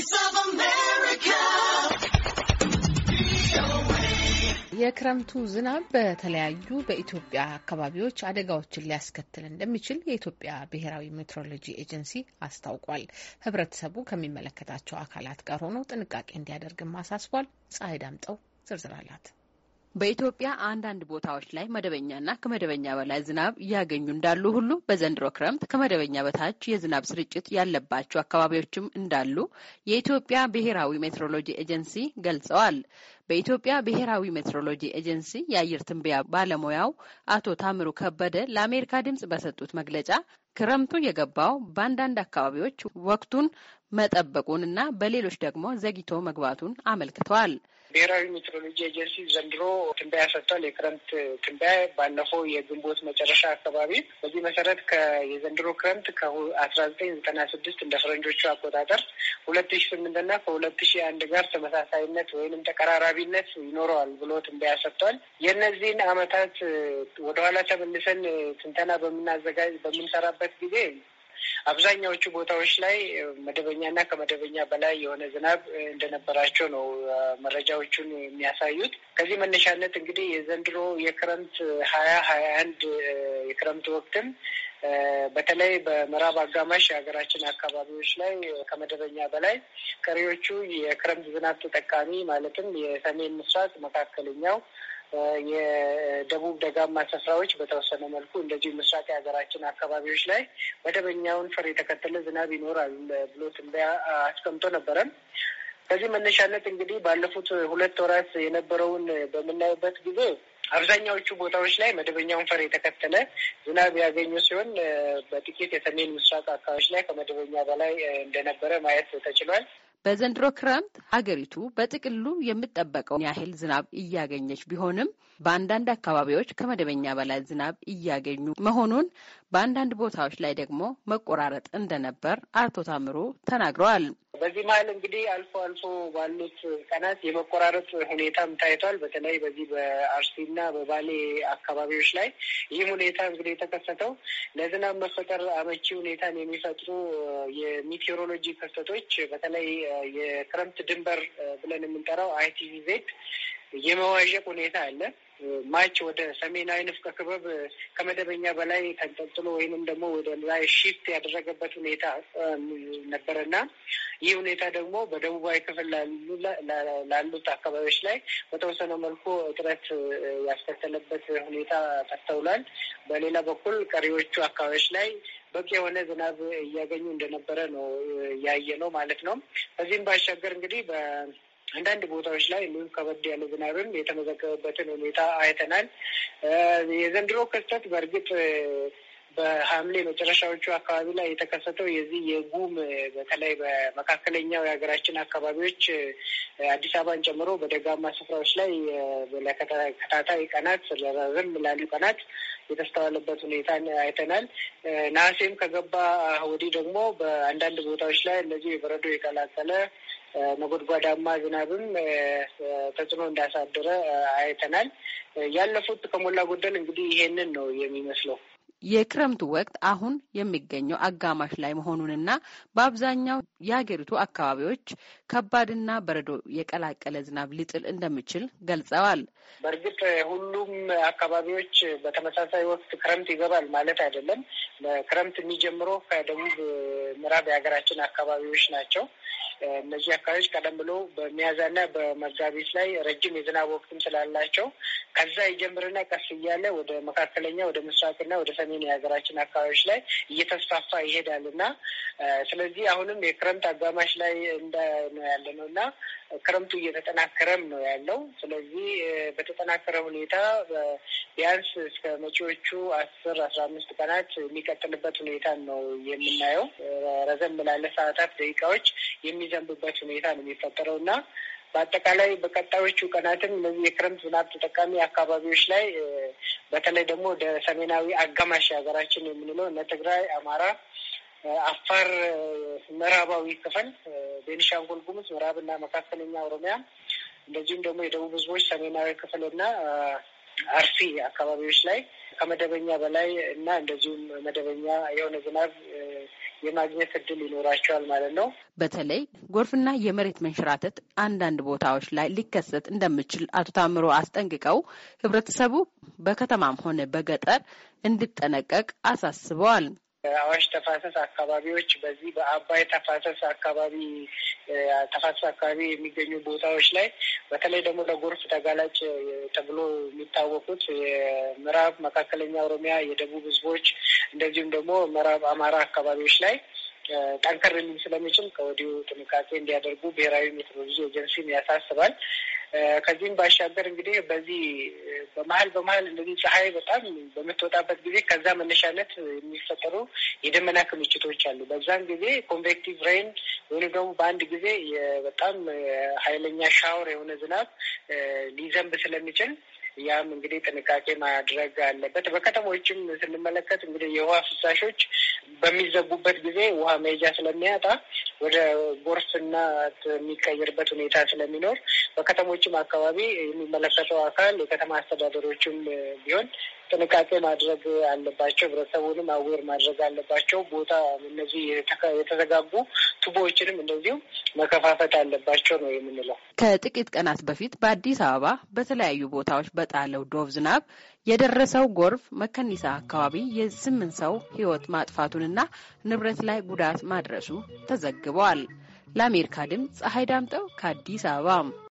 Voice of America. የክረምቱ ዝናብ በተለያዩ በኢትዮጵያ አካባቢዎች አደጋዎችን ሊያስከትል እንደሚችል የኢትዮጵያ ብሔራዊ ሜትሮሎጂ ኤጀንሲ አስታውቋል። ሕብረተሰቡ ከሚመለከታቸው አካላት ጋር ሆኖ ጥንቃቄ እንዲያደርግም አሳስቧል። ፀሐይ ዳምጠው ዝርዝር አላት። በኢትዮጵያ አንዳንድ ቦታዎች ላይ መደበኛና ከመደበኛ በላይ ዝናብ እያገኙ እንዳሉ ሁሉ በዘንድሮ ክረምት ከመደበኛ በታች የዝናብ ስርጭት ያለባቸው አካባቢዎችም እንዳሉ የኢትዮጵያ ብሔራዊ ሜትሮሎጂ ኤጀንሲ ገልጸዋል። በኢትዮጵያ ብሔራዊ ሜትሮሎጂ ኤጀንሲ የአየር ትንበያ ባለሙያው አቶ ታምሩ ከበደ ለአሜሪካ ድምጽ በሰጡት መግለጫ ክረምቱ የገባው በአንዳንድ አካባቢዎች ወቅቱን መጠበቁን እና በሌሎች ደግሞ ዘግይቶ መግባቱን አመልክተዋል። ብሔራዊ ሜትሮሎጂ ኤጀንሲ ዘንድሮ ትንበያ ሰጥቷል። የክረምት ትንበያ ባለፈው የግንቦት መጨረሻ አካባቢ። በዚህ መሰረት የዘንድሮ ክረምት ከአስራ ዘጠኝ ዘጠና ስድስት እንደ ፈረንጆቹ አቆጣጠር ሁለት ሺ ስምንት እና ከሁለት ሺ አንድ ጋር ተመሳሳይነት ወይንም ተቀራራቢነት ይኖረዋል ብሎ ትንበያ ሰጥቷል። የእነዚህን አመታት ወደኋላ ተመልሰን ትንተና በምናዘጋጅ በምንሰራበት በሚሆንበት ጊዜ አብዛኛዎቹ ቦታዎች ላይ መደበኛና ከመደበኛ በላይ የሆነ ዝናብ እንደነበራቸው ነው መረጃዎቹን የሚያሳዩት። ከዚህ መነሻነት እንግዲህ የዘንድሮ የክረምት ሀያ ሀያ አንድ የክረምት ወቅትም በተለይ በምዕራብ አጋማሽ የሀገራችን አካባቢዎች ላይ ከመደበኛ በላይ ቀሪዎቹ የክረምት ዝናብ ተጠቃሚ ማለትም የሰሜን ምስራቅ፣ መካከለኛው የደቡብ ደጋማ ስፍራዎች በተወሰነ መልኩ እንደዚሁ ምስራቅ የሀገራችን አካባቢዎች ላይ መደበኛውን ፈር የተከተለ ዝናብ ይኖራል ብሎ ትንበያ አስቀምጦ ነበረም። በዚህ መነሻነት እንግዲህ ባለፉት ሁለት ወራት የነበረውን በምናይበት ጊዜ አብዛኛዎቹ ቦታዎች ላይ መደበኛውን ፈር የተከተለ ዝናብ ያገኙ ሲሆን በጥቂት የሰሜን ምስራቅ አካባቢዎች ላይ ከመደበኛ በላይ እንደነበረ ማየት ተችሏል። በዘንድሮ ክረምት ሀገሪቱ በጥቅሉ የምጠበቀውን ያህል ዝናብ እያገኘች ቢሆንም በአንዳንድ አካባቢዎች ከመደበኛ በላይ ዝናብ እያገኙ መሆኑን፣ በአንዳንድ ቦታዎች ላይ ደግሞ መቆራረጥ እንደነበር አቶ ታምሩ ተናግረዋል። በዚህ መሀል እንግዲህ አልፎ አልፎ ባሉት ቀናት የመቆራረጥ ሁኔታም ታይቷል። በተለይ በዚህ በአርሲና በባሌ አካባቢዎች ላይ ይህ ሁኔታ እንግዲህ የተከሰተው ለዝናብ መፈጠር አመቺ ሁኔታን የሚፈጥሩ የሚቴሮሎጂ ክስተቶች በተለይ የክረምት ድንበር ብለን የምንጠራው አይቲቪ ዜድ የመዋዠቅ ሁኔታ አለ። ማች ወደ ሰሜናዊ ንፍቀ ክበብ ከመደበኛ በላይ ተንጠልጥሎ ወይንም ደግሞ ወደ ላይ ሺፍት ያደረገበት ሁኔታ ነበረና ይህ ሁኔታ ደግሞ በደቡባዊ ክፍል ላሉት አካባቢዎች ላይ በተወሰነ መልኩ እጥረት ያስከተለበት ሁኔታ ተስተውሏል። በሌላ በኩል ቀሪዎቹ አካባቢዎች ላይ በቂ የሆነ ዝናብ እያገኙ እንደነበረ ነው ያየ ነው ማለት ነው። ከዚህም ባሻገር እንግዲህ አንዳንድ ቦታዎች ላይ እንዲሁም ከበድ ያለ ዝናብም የተመዘገበበትን ሁኔታ አይተናል። የዘንድሮ ክስተት በእርግጥ በሐምሌ መጨረሻዎቹ አካባቢ ላይ የተከሰተው የዚህ የጉም በተለይ በመካከለኛው የሀገራችን አካባቢዎች አዲስ አበባን ጨምሮ በደጋማ ስፍራዎች ላይ ለተከታታይ ቀናት ለረዝም ላሉ ቀናት የተስተዋለበት ሁኔታ አይተናል። ነሐሴም ከገባ ወዲህ ደግሞ በአንዳንድ ቦታዎች ላይ እነዚህ የበረዶ የቀላቀለ ነጎድጓዳማ ዝናብም ተጽዕኖ እንዳሳደረ አይተናል። ያለፉት ከሞላ ጎደል እንግዲህ ይሄንን ነው የሚመስለው። የክረምቱ ወቅት አሁን የሚገኘው አጋማሽ ላይ መሆኑንና በአብዛኛው የሀገሪቱ አካባቢዎች ከባድና በረዶ የቀላቀለ ዝናብ ሊጥል እንደሚችል ገልጸዋል። በእርግጥ ሁሉም አካባቢዎች በተመሳሳይ ወቅት ክረምት ይገባል ማለት አይደለም። ክረምት የሚጀምረው ከደቡብ ምዕራብ የሀገራችን አካባቢዎች ናቸው። እነዚህ አካባቢዎች ቀደም ብሎ በሚያዝያና በመጋቢት ላይ ረጅም የዝናብ ወቅትም ስላላቸው ከዛ ይጀምርና ቀስ እያለ ወደ መካከለኛ ወደ ምስራቅና ወደ ሰሜን ሰሜን የሀገራችን አካባቢዎች ላይ እየተስፋፋ ይሄዳል እና ስለዚህ አሁንም የክረምት አጋማሽ ላይ እንደ ነው ያለ ነው እና ክረምቱ እየተጠናከረም ነው ያለው። ስለዚህ በተጠናከረ ሁኔታ ቢያንስ እስከ መጪዎቹ አስር አስራ አምስት ቀናት የሚቀጥልበት ሁኔታ ነው የምናየው። ረዘም ላለ ሰዓታት፣ ደቂቃዎች የሚዘንብበት ሁኔታ ነው የሚፈጠረው እና በአጠቃላይ በቀጣዮቹ ቀናትም እነዚህ የክረምት ዝናብ ተጠቃሚ አካባቢዎች ላይ በተለይ ደግሞ ወደ ሰሜናዊ አጋማሽ ሀገራችን የምንለው እነ ትግራይ፣ አማራ፣ አፋር ምዕራባዊ ክፍል፣ ቤኒሻንጉል ጉሙዝ፣ ምዕራብና መካከለኛ ኦሮሚያ እንደዚሁም ደግሞ የደቡብ ህዝቦች ሰሜናዊ ክፍልና አርሲ አካባቢዎች ላይ ከመደበኛ በላይ እና እንደዚሁም መደበኛ የሆነ ዝናብ የማግኘት እድል ይኖራቸዋል ማለት ነው። በተለይ ጎርፍና የመሬት መንሸራተት አንዳንድ ቦታዎች ላይ ሊከሰት እንደሚችል አቶ ታምሮ አስጠንቅቀው ህብረተሰቡ በከተማም ሆነ በገጠር እንዲጠነቀቅ አሳስበዋል። አዋሽ ተፋሰስ አካባቢዎች በዚህ በአባይ ተፋሰስ አካባቢ ተፋሰስ አካባቢ የሚገኙ ቦታዎች ላይ በተለይ ደግሞ ለጎርፍ ተጋላጭ ተብሎ የሚታወቁት የምዕራብ መካከለኛ ኦሮሚያ፣ የደቡብ ህዝቦች እንደዚሁም ደግሞ ምዕራብ አማራ አካባቢዎች ላይ ጠንከር ሊል ስለሚችል ከወዲሁ ጥንቃቄ እንዲያደርጉ ብሔራዊ ሜትሮሎጂ ኤጀንሲም ያሳስባል። ከዚህም ባሻገር እንግዲህ በዚህ በመሀል በመሀል እንደዚህ ፀሐይ በጣም በምትወጣበት ጊዜ ከዛ መነሻነት የሚፈጠሩ የደመና ክምችቶች አሉ። በዛን ጊዜ ኮንቬክቲቭ ሬን ወይም ደግሞ በአንድ ጊዜ በጣም ኃይለኛ ሻወር የሆነ ዝናብ ሊዘንብ ስለሚችል ያም እንግዲህ ጥንቃቄ ማድረግ አለበት። በከተሞችም ስንመለከት እንግዲህ የውሃ ፍሳሾች በሚዘጉበት ጊዜ ውሃ መሄጃ ስለሚያጣ ወደ ጎርፍና የሚቀየርበት ሁኔታ ስለሚኖር በከተሞችም አካባቢ የሚመለከተው አካል የከተማ አስተዳደሮችም ቢሆን ጥንቃቄ ማድረግ አለባቸው። ህብረተሰቡንም አዌር ማድረግ አለባቸው። ቦታ እነዚህ የተዘጋጉ ቱቦዎችንም እንደዚሁም መከፋፈት አለባቸው ነው የምንለው። ከጥቂት ቀናት በፊት በአዲስ አበባ በተለያዩ ቦታዎች በጣለው ዶቭ ዝናብ የደረሰው ጎርፍ መከኒሳ አካባቢ የስምንት ሰው ህይወት ማጥፋት መጥፋቱንና ንብረት ላይ ጉዳት ማድረሱ ተዘግበዋል። ለአሜሪካ ድምፅ ፀሐይ ዳምጠው ከአዲስ አበባ